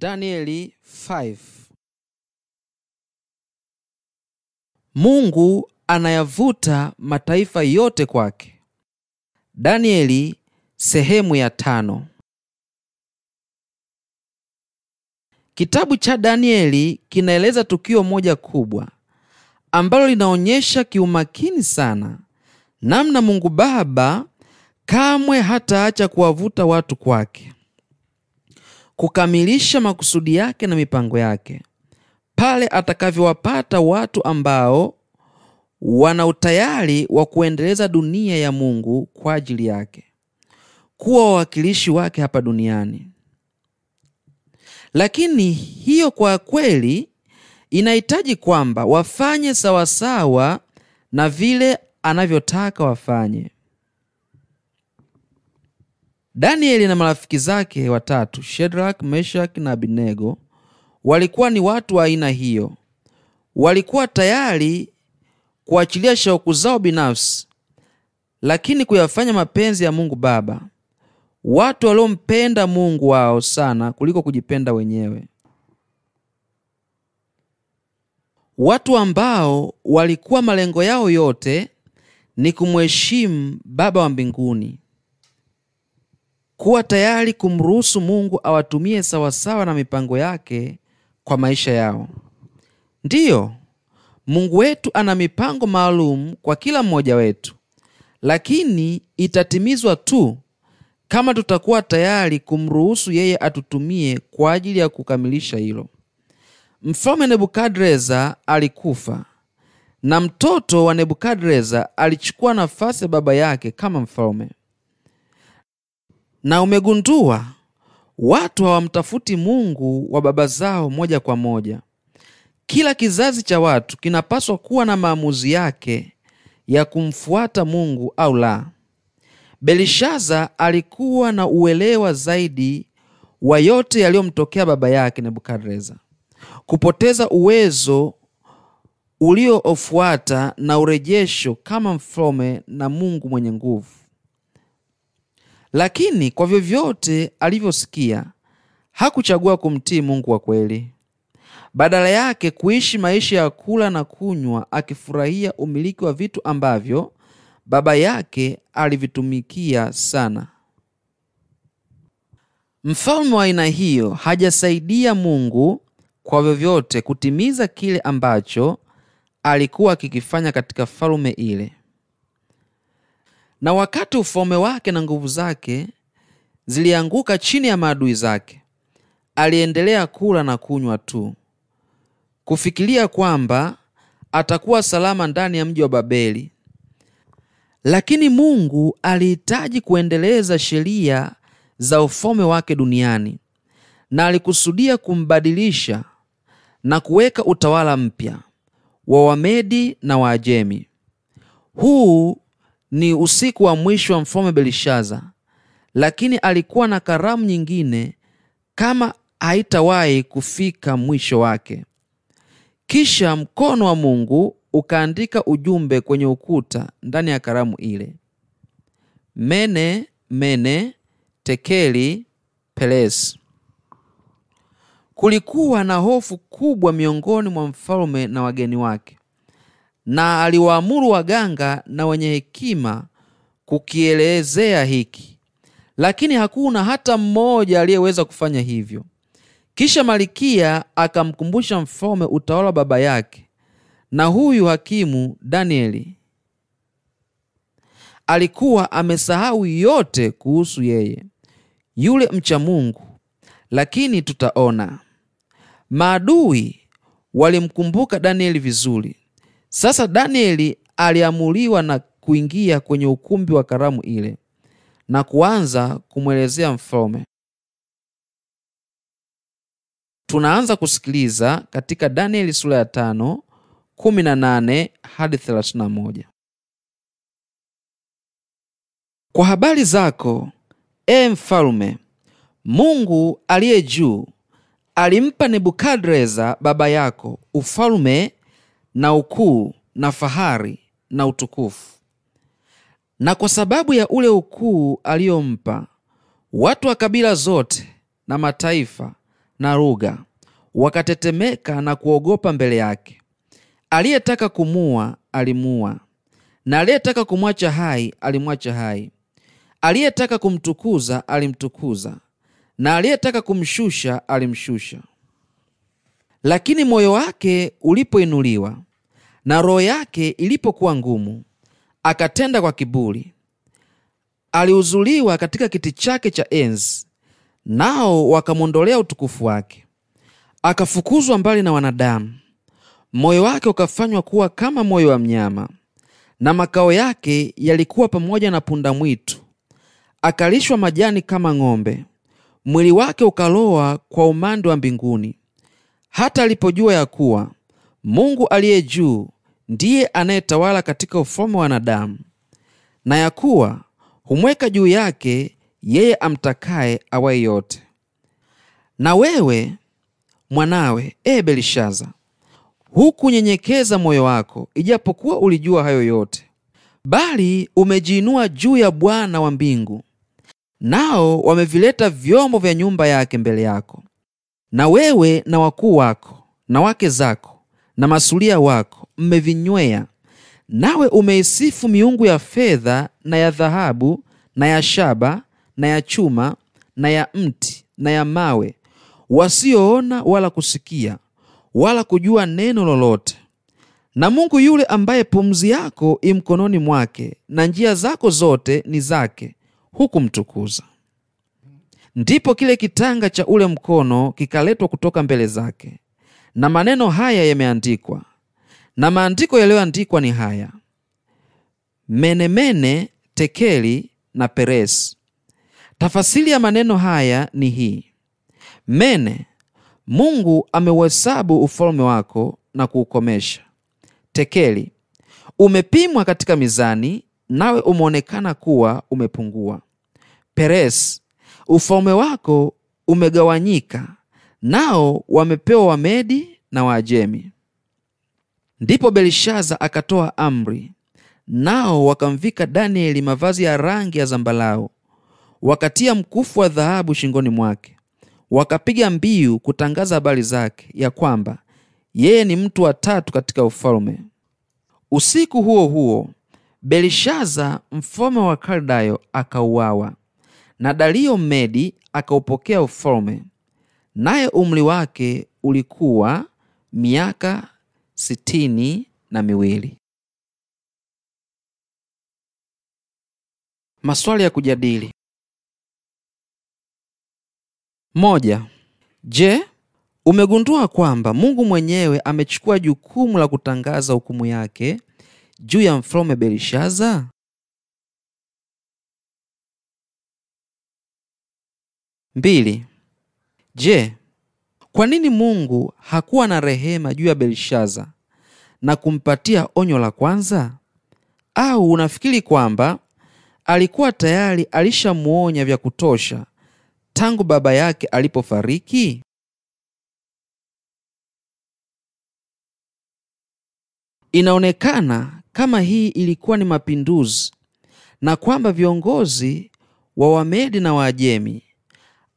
Danieli 5. Mungu anayavuta mataifa yote kwake. Danieli sehemu ya tano. Kitabu cha Danieli kinaeleza tukio moja kubwa ambalo linaonyesha kiumakini sana namna Mungu Baba kamwe hataacha kuwavuta watu kwake kukamilisha makusudi yake na mipango yake pale atakavyowapata watu ambao wana utayari wa kuendeleza dunia ya Mungu kwa ajili yake, kuwa wawakilishi wake hapa duniani. Lakini hiyo kwa kweli inahitaji kwamba wafanye sawasawa na vile anavyotaka wafanye. Danieli na marafiki zake watatu Shedrak, Meshak na abinego walikuwa ni watu wa aina hiyo. Walikuwa tayari kuachilia shauku zao binafsi, lakini kuyafanya mapenzi ya Mungu Baba, watu waliompenda Mungu wao sana kuliko kujipenda wenyewe, watu ambao walikuwa malengo yao yote ni kumheshimu Baba wa mbinguni kuwa tayari kumruhusu Mungu awatumie sawasawa na mipango yake kwa maisha yao. Ndiyo, Mungu wetu ana mipango maalum kwa kila mmoja wetu, lakini itatimizwa tu kama tutakuwa tayari kumruhusu yeye atutumie kwa ajili ya kukamilisha hilo. Mfalme Nebukadreza alikufa na mtoto wa Nebukadreza alichukua nafasi ya baba yake kama mfalme na umegundua watu hawamtafuti Mungu wa baba zao moja kwa moja. Kila kizazi cha watu kinapaswa kuwa na maamuzi yake ya kumfuata Mungu au la. Belishaza alikuwa na uelewa zaidi wa yote yaliyomtokea baba yake Nebukadreza. Kupoteza uwezo ulioofuata na urejesho kama mfome na Mungu mwenye nguvu lakini kwa vyovyote alivyosikia, hakuchagua kumtii Mungu wa kweli. Badala yake kuishi maisha ya kula na kunywa, akifurahia umiliki wa vitu ambavyo baba yake alivitumikia sana. Mfalme wa aina hiyo hajasaidia Mungu kwa vyovyote kutimiza kile ambacho alikuwa akikifanya katika falume ile na wakati ufome wake na nguvu zake zilianguka chini ya maadui zake, aliendelea kula na kunywa tu, kufikiria kwamba atakuwa salama ndani ya mji wa Babeli. Lakini Mungu alihitaji kuendeleza sheria za ufome wake duniani na alikusudia kumbadilisha na kuweka utawala mpya wa Wamedi na Waajemi. Huu ni usiku wa mwisho wa mfalme Belishaza, lakini alikuwa na karamu nyingine kama haitawahi kufika mwisho wake. Kisha mkono wa Mungu ukaandika ujumbe kwenye ukuta ndani ya karamu ile: mene mene tekeli pelesi. Kulikuwa na hofu kubwa miongoni mwa mfalme na wageni wake na aliwaamuru waganga na wenye hekima kukielezea hiki, lakini hakuna hata mmoja aliyeweza kufanya hivyo. Kisha Malikia akamkumbusha mfalme utawala wa baba yake, na huyu hakimu Danieli alikuwa amesahau yote kuhusu yeye yule mcha Mungu. Lakini tutaona maadui walimkumbuka Danieli vizuri, sasa Danieli aliamuliwa na kuingia kwenye ukumbi wa karamu ile na kuanza kumwelezea mfalme. Tunaanza kusikiliza katika Danieli sura ya tano kumi na nane hadi thelathini na moja. Kwa habari zako, e mfalme, Mungu aliye juu alimpa Nebukadreza baba yako ufalme na ukuu na fahari na utukufu. Na kwa sababu ya ule ukuu aliyompa, watu wa kabila zote na mataifa na lugha wakatetemeka na kuogopa mbele yake. Aliyetaka kumua alimua na aliyetaka kumwacha hai alimwacha hai. Aliyetaka kumtukuza alimtukuza, na aliyetaka kumshusha alimshusha. Lakini moyo wake ulipoinuliwa na roho yake ilipokuwa ngumu, akatenda kwa kiburi. Aliuzuliwa katika kiti chake cha enzi, nao wakamwondolea utukufu wake. Akafukuzwa mbali na wanadamu, moyo wake ukafanywa kuwa kama moyo wa mnyama, na makao yake yalikuwa pamoja na punda mwitu. Akalishwa majani kama ng'ombe, mwili wake ukaloa kwa umande wa mbinguni hata alipojua ya kuwa Mungu aliye juu ndiye anayetawala katika ufalme wa wanadamu, na ya kuwa humweka juu yake yeye amtakaye awaye yote. Na wewe mwanawe, e Belishaza, hukunyenyekeza moyo wako, ijapokuwa ulijua hayo yote, bali umejiinua juu ya Bwana wa mbingu, nao wamevileta vyombo vya nyumba yake mbele yako. Na wewe na wakuu wako na wake zako na masulia wako mmevinywea, nawe umeisifu miungu ya fedha na ya dhahabu na ya shaba na ya chuma na ya mti na ya mawe, wasioona wala kusikia wala kujua neno lolote. Na Mungu yule ambaye pumzi yako imkononi mwake na njia zako zote ni zake, hukumtukuza. Ndipo kile kitanga cha ule mkono kikaletwa kutoka mbele zake, na maneno haya yameandikwa. Na maandiko yaliyoandikwa ni haya: menemene, tekeli na peresi. tafasili ya maneno haya ni hii: mene, Mungu ameuhesabu ufalume wako na kuukomesha. Tekeli, umepimwa katika mizani, nawe umeonekana kuwa umepungua. Peresi, Ufalme wako umegawanyika, nao wamepewa Wamedi na Waajemi. Ndipo Belishaza akatoa amri, nao wakamvika Danieli mavazi ya rangi ya zambalau, wakatia mkufu wa dhahabu shingoni mwake, wakapiga mbiu kutangaza habari zake, ya kwamba yeye ni mtu wa tatu katika ufalme. Usiku huo huo Belishaza mfalme wa Kaldayo akauawa na Dario Medi akaupokea ufalume naye umri wake ulikuwa miaka sitini na miwili. Maswali ya kujadili: moja. Je, umegundua kwamba Mungu mwenyewe amechukua jukumu la kutangaza hukumu yake juu ya mfalume belishaza Mbili. Je, kwa nini Mungu hakuwa na rehema juu ya Belshaza na kumpatia onyo la kwanza? Au unafikiri kwamba alikuwa tayari alishamuonya vya kutosha tangu baba yake alipofariki? Inaonekana kama hii ilikuwa ni mapinduzi na kwamba viongozi wa Wamedi na Waajemi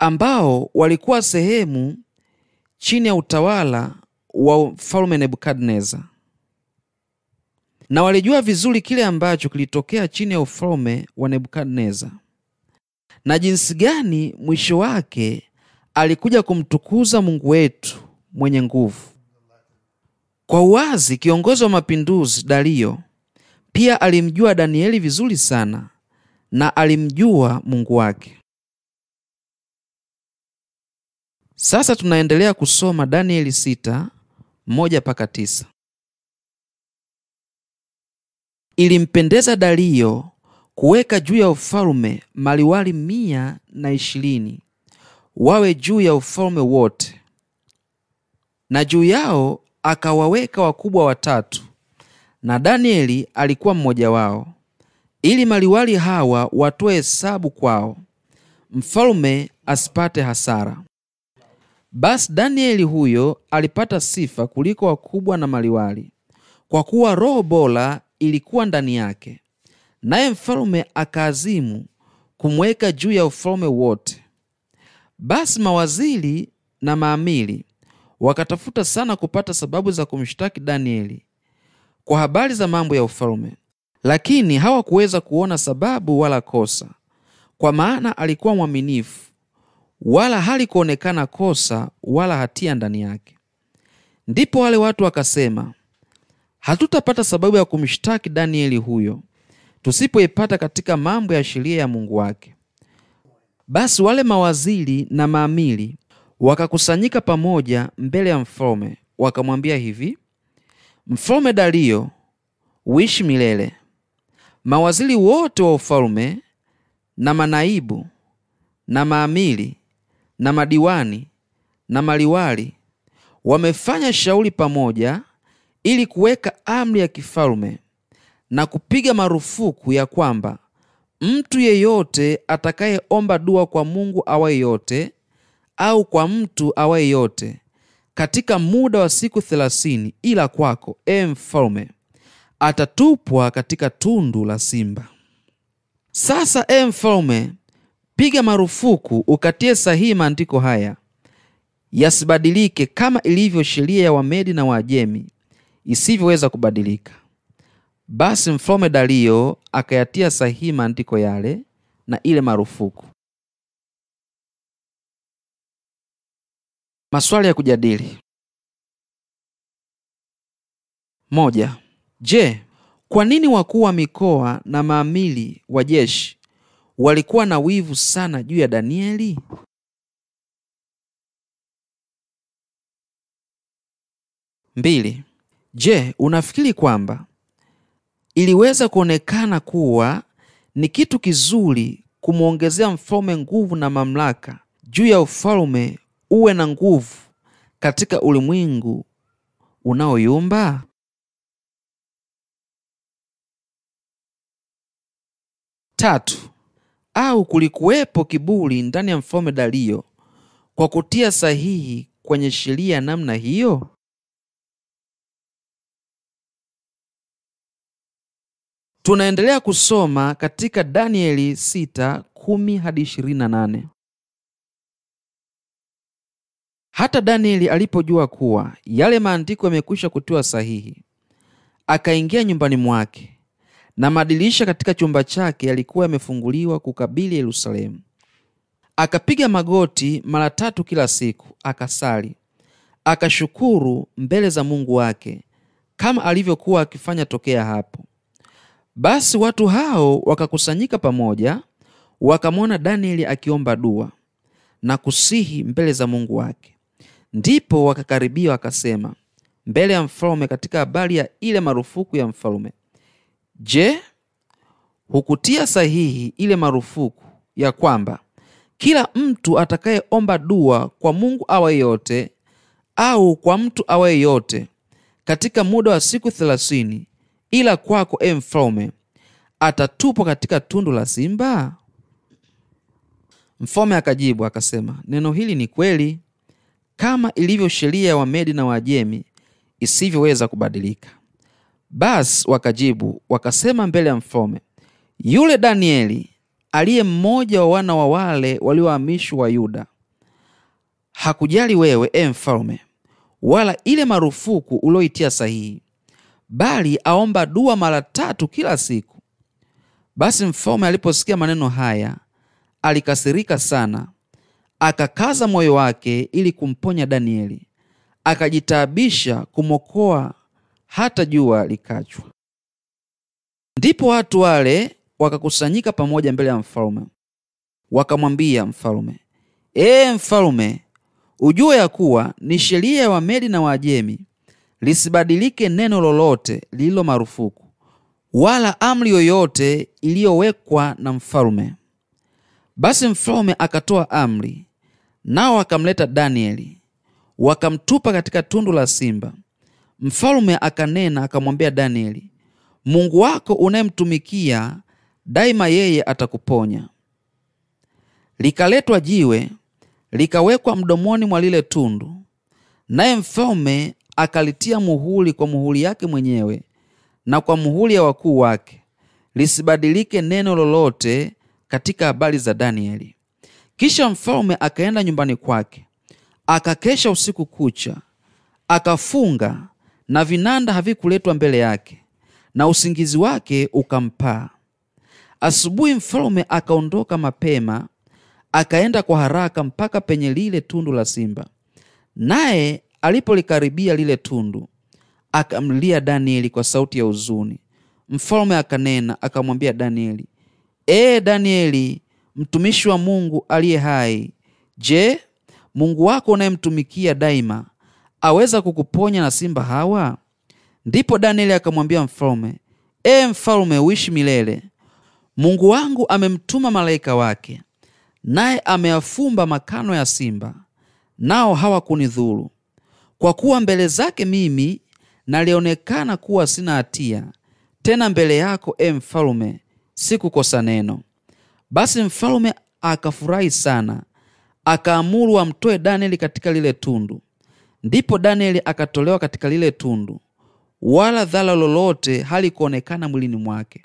ambao walikuwa sehemu chini ya utawala wa mfalme Nebukadneza, na walijua vizuri kile ambacho kilitokea chini ya ufalme wa Nebukadneza na jinsi gani mwisho wake alikuja kumtukuza Mungu wetu mwenye nguvu. Kwa uwazi, kiongozi wa mapinduzi Dario pia alimjua Danieli vizuri sana na alimjua Mungu wake. Sasa tunaendelea kusoma Danieli 6 mpaka 9. Ilimpendeza Dario kuweka juu ya ufalume maliwali mia na ishirini wawe juu ya ufalume wote, na juu yao akawaweka wakubwa watatu, na Danieli alikuwa mmoja wao, ili maliwali hawa watoe hesabu kwao, mfalume asipate hasara. Basi Danieli huyo alipata sifa kuliko wakubwa na maliwali, kwa kuwa roho bora ilikuwa ndani yake, naye mfalume akaazimu kumweka juu ya ufalume wote. Basi mawaziri na maamili wakatafuta sana kupata sababu za kumshtaki Danieli kwa habari za mambo ya ufalume lakini hawakuweza kuona sababu wala kosa, kwa maana alikuwa mwaminifu wala halikuonekana kosa wala hatia ndani yake. Ndipo wale watu wakasema, hatutapata sababu ya kumshtaki Danieli huyo tusipoipata katika mambo ya sheria ya Mungu wake. Basi wale mawaziri na maamili wakakusanyika pamoja mbele ya mfalme, wakamwambia hivi: Mfalme Dario, uishi milele. Mawaziri wote wa ufalme na manaibu na maamili na madiwani na maliwali wamefanya shauri pamoja ili kuweka amri ya kifalme na kupiga marufuku ya kwamba mtu yeyote atakayeomba dua kwa Mungu awaye yote au kwa mtu awaye yote katika muda wa siku thelathini ila kwako, e mfalme, atatupwa katika tundu la simba. Sasa e mfalme, piga marufuku ukatie sahihi maandiko haya yasibadilike kama ilivyo sheria ya Wamedi na Waajemi isivyoweza kubadilika. Basi mfalume Dario akayatia sahihi maandiko yale na ile marufuku. Maswali ya kujadili: moja. Je, kwa nini wakuu wa mikoa na maamili wa jeshi walikuwa na wivu sana juu ya Danieli? Mbili. Je, unafikiri kwamba iliweza kuonekana kuwa ni kitu kizuri kumwongezea mfalme nguvu na mamlaka juu ya ufalme uwe na nguvu katika ulimwengu unaoyumba? Tatu au kulikuwepo kiburi ndani ya mfalme Dario kwa kutia sahihi kwenye sheria namna hiyo? Tunaendelea kusoma katika Danieli 6:10 hadi 28. Hata Danieli alipojua kuwa yale maandiko yamekwisha kutiwa sahihi, akaingia nyumbani mwake na madirisha katika chumba chake yalikuwa yamefunguliwa kukabili Yerusalemu. Akapiga magoti mara tatu kila siku, akasali, akashukuru mbele za Mungu wake kama alivyokuwa akifanya tokea hapo. Basi watu hao wakakusanyika pamoja, wakamwona Danieli akiomba dua na kusihi mbele za Mungu wake. Ndipo wakakaribia wakasema mbele ya mfalume katika habari ya ile marufuku ya mfalume Je, hukutia sahihi ile marufuku ya kwamba kila mtu atakayeomba dua kwa Mungu awayeyote yote au kwa mtu awaye yote katika muda wa siku thelathini ila kwako, e mfalume atatupwa katika tundu la simba? mfalume akajibu akasema, neno hili ni kweli, kama ilivyo sheria ya Wamedi na wajemi isivyoweza kubadilika. Basi wakajibu wakasema mbele ya mfalme, yule Danieli aliye mmoja wa wana wa wale waliohamishwa wa Yuda hakujali wewe, e mfalme, wala ile marufuku ulioitia sahihi, bali aomba dua mara tatu kila siku. Basi mfalme aliposikia maneno haya alikasirika sana, akakaza moyo wake ili kumponya Danieli, akajitaabisha kumwokoa hata jua likachwa. Ndipo watu wale wakakusanyika pamoja mbele ya mfalume wakamwambia mfalume ee mfalume ujue ya kuwa ni sheria ya Wamedi na Waajemi lisibadilike neno lolote lililo marufuku wala amri yoyote iliyowekwa na mfalume Basi mfalume akatoa amri, nao wakamleta Danieli wakamtupa katika tundu la simba mfalume akanena akamwambia Danieli, Mungu wako unayemtumikia daima, yeye atakuponya. Likaletwa jiwe likawekwa mdomoni mwa lile tundu, naye mfalume akalitia muhuli kwa muhuli yake mwenyewe na kwa muhuli ya wakuu wake, lisibadilike neno lolote katika habari za Danieli. Kisha mfalume akaenda nyumbani kwake, akakesha usiku kucha, akafunga na vinanda havikuletwa mbele yake, na usingizi wake ukampaa. Asubuhi mfalume akaondoka mapema, akaenda kwa haraka mpaka penye lile tundu la simba, naye alipolikaribia lile tundu, akamlia Danieli kwa sauti ya huzuni. mfalume akanena akamwambia Danieli, ee Danieli, mtumishi wa Mungu aliye hai, je, Mungu wako unayemtumikia daima aweza kukuponya na simba hawa? Ndipo Danieli akamwambia mfalme, e mfalme, uishi milele. Mungu wangu amemtuma malaika wake, naye ameyafumba makano ya simba, nao hawakunidhuru. Kwa kuwa mbele zake mimi nalionekana kuwa sina hatia, tena mbele yako, e mfalme, sikukosa neno. Basi mfalme akafurahi sana, akaamuru amtoe Danieli katika lile tundu. Ndipo Danieli akatolewa katika lile tundu, wala dhala lolote halikuonekana mwilini mwake,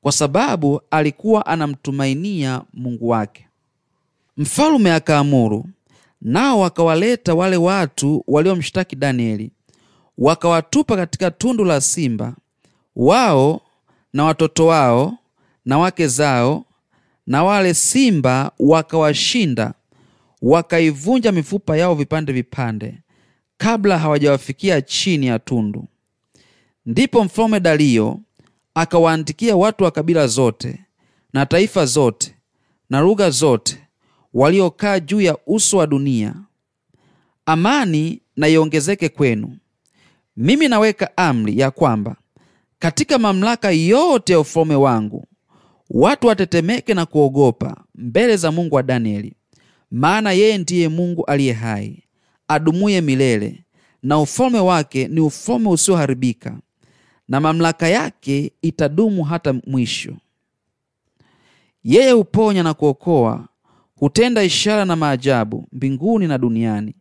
kwa sababu alikuwa anamtumainia Mungu wake. Mfalume akaamuru, nao wakawaleta wale watu waliomshtaki Danieli, wakawatupa katika tundu la simba, wao na watoto wao na wake zao, na wale simba wakawashinda, wakaivunja mifupa yao vipande vipande kabla hawajawafikia chini ya tundu. Ndipo mfalme Dario akawaandikia watu wa kabila zote na taifa zote na lugha zote waliokaa juu ya uso wa dunia, amani na iongezeke kwenu. Mimi naweka amri ya kwamba katika mamlaka yote ya ufalme wangu watu watetemeke na kuogopa mbele za Mungu wa Danieli, maana yeye ndiye Mungu aliye hai adumuye milele, na ufalme wake ni ufalme usioharibika, na mamlaka yake itadumu hata mwisho. Yeye huponya na kuokoa, hutenda ishara na maajabu mbinguni na duniani.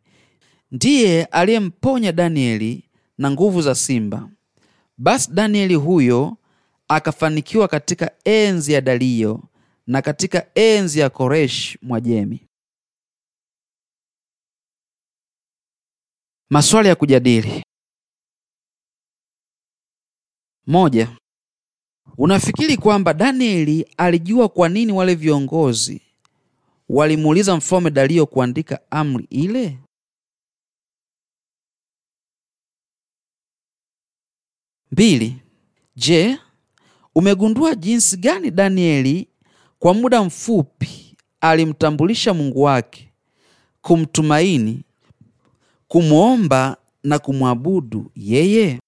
Ndiye aliyemponya Danieli na nguvu za simba. Basi Danieli huyo akafanikiwa katika enzi ya dalio na katika enzi ya Koreshi Mwajemi. Maswali ya kujadili. Moja, unafikiri kwamba Danieli alijua kwa nini wale viongozi walimuuliza mfalme Dario kuandika amri ile? Mbili, je, umegundua jinsi gani Danieli kwa muda mfupi alimtambulisha Mungu wake, kumtumaini kumwomba na kumwabudu yeye?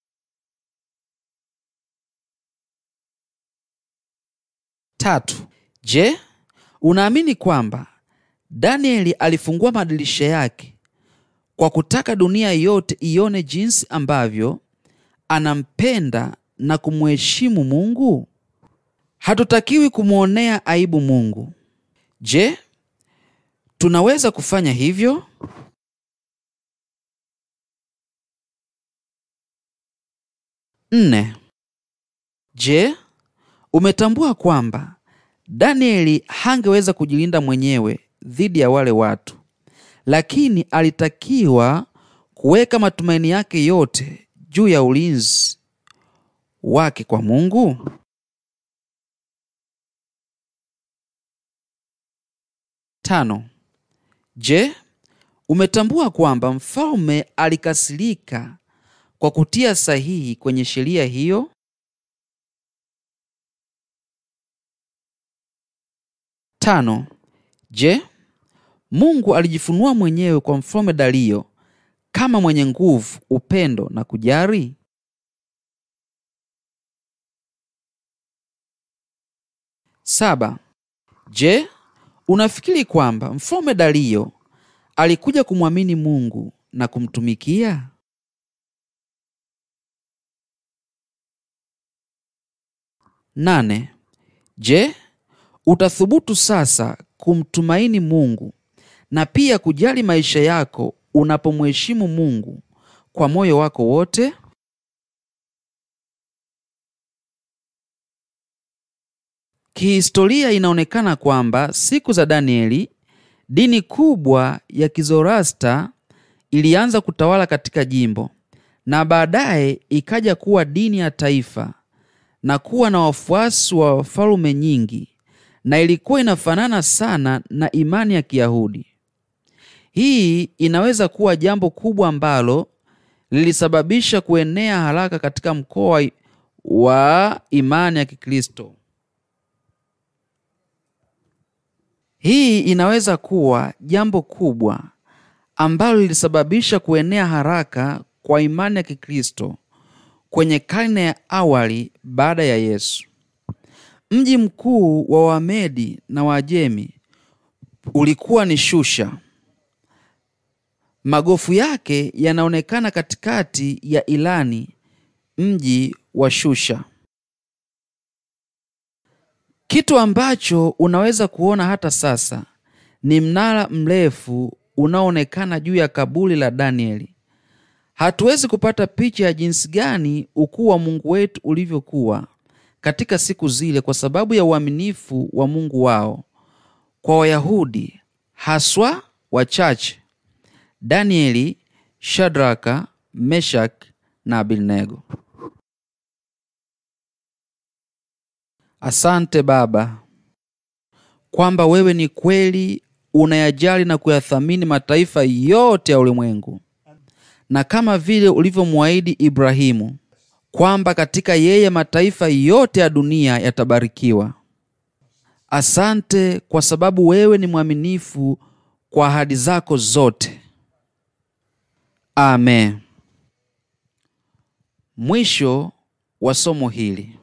Tatu. Je, unaamini kwamba Danieli alifungua madirisha yake kwa kutaka dunia yote ione jinsi ambavyo anampenda na kumheshimu Mungu? Hatutakiwi kumwonea aibu Mungu. Je, tunaweza kufanya hivyo? Nne. Je, umetambua kwamba Danieli hangeweza kujilinda mwenyewe dhidi ya wale watu, lakini alitakiwa kuweka matumaini yake yote juu ya ulinzi wake kwa Mungu? Tano. Je, umetambua kwamba mfalme alikasirika kwa kutia sahihi kwenye sheria hiyo Tano. Je, Mungu alijifunua mwenyewe kwa mfalme Dario kama mwenye nguvu, upendo na kujari Saba. Je, unafikiri kwamba mfalme Dario alikuja kumwamini Mungu na kumtumikia? nane. Je, utathubutu sasa kumtumaini Mungu na pia kujali maisha yako unapomheshimu Mungu kwa moyo wako wote? Kihistoria inaonekana kwamba siku za Danieli, dini kubwa ya Kizorasta ilianza kutawala katika jimbo na baadaye ikaja kuwa dini ya taifa na kuwa na wafuasi wa falme nyingi, na ilikuwa inafanana sana na imani ya Kiyahudi. Hii inaweza kuwa jambo kubwa ambalo lilisababisha kuenea haraka katika mkoa wa imani ya Kikristo. Hii inaweza kuwa jambo kubwa ambalo lilisababisha kuenea haraka kwa imani ya Kikristo kwenye karne ya awali baada ya Yesu. Mji mkuu wa Wamedi na wajemi ulikuwa ni Shusha. Magofu yake yanaonekana katikati ya Ilani, mji wa Shusha. Kitu ambacho unaweza kuona hata sasa ni mnara mrefu unaoonekana juu ya kaburi la Danieli Hatuwezi kupata picha ya jinsi gani ukuu wa Mungu wetu ulivyokuwa katika siku zile kwa sababu ya uaminifu wa Mungu wao kwa Wayahudi haswa wachache, Danieli, Shadraka, Meshak na abilnego Asante Baba kwamba wewe ni kweli unayajali na kuyathamini mataifa yote ya ulimwengu na kama vile ulivyomwahidi Ibrahimu kwamba katika yeye mataifa yote ya dunia yatabarikiwa. Asante kwa sababu wewe ni mwaminifu kwa ahadi zako zote. Amen. Mwisho wa somo hili.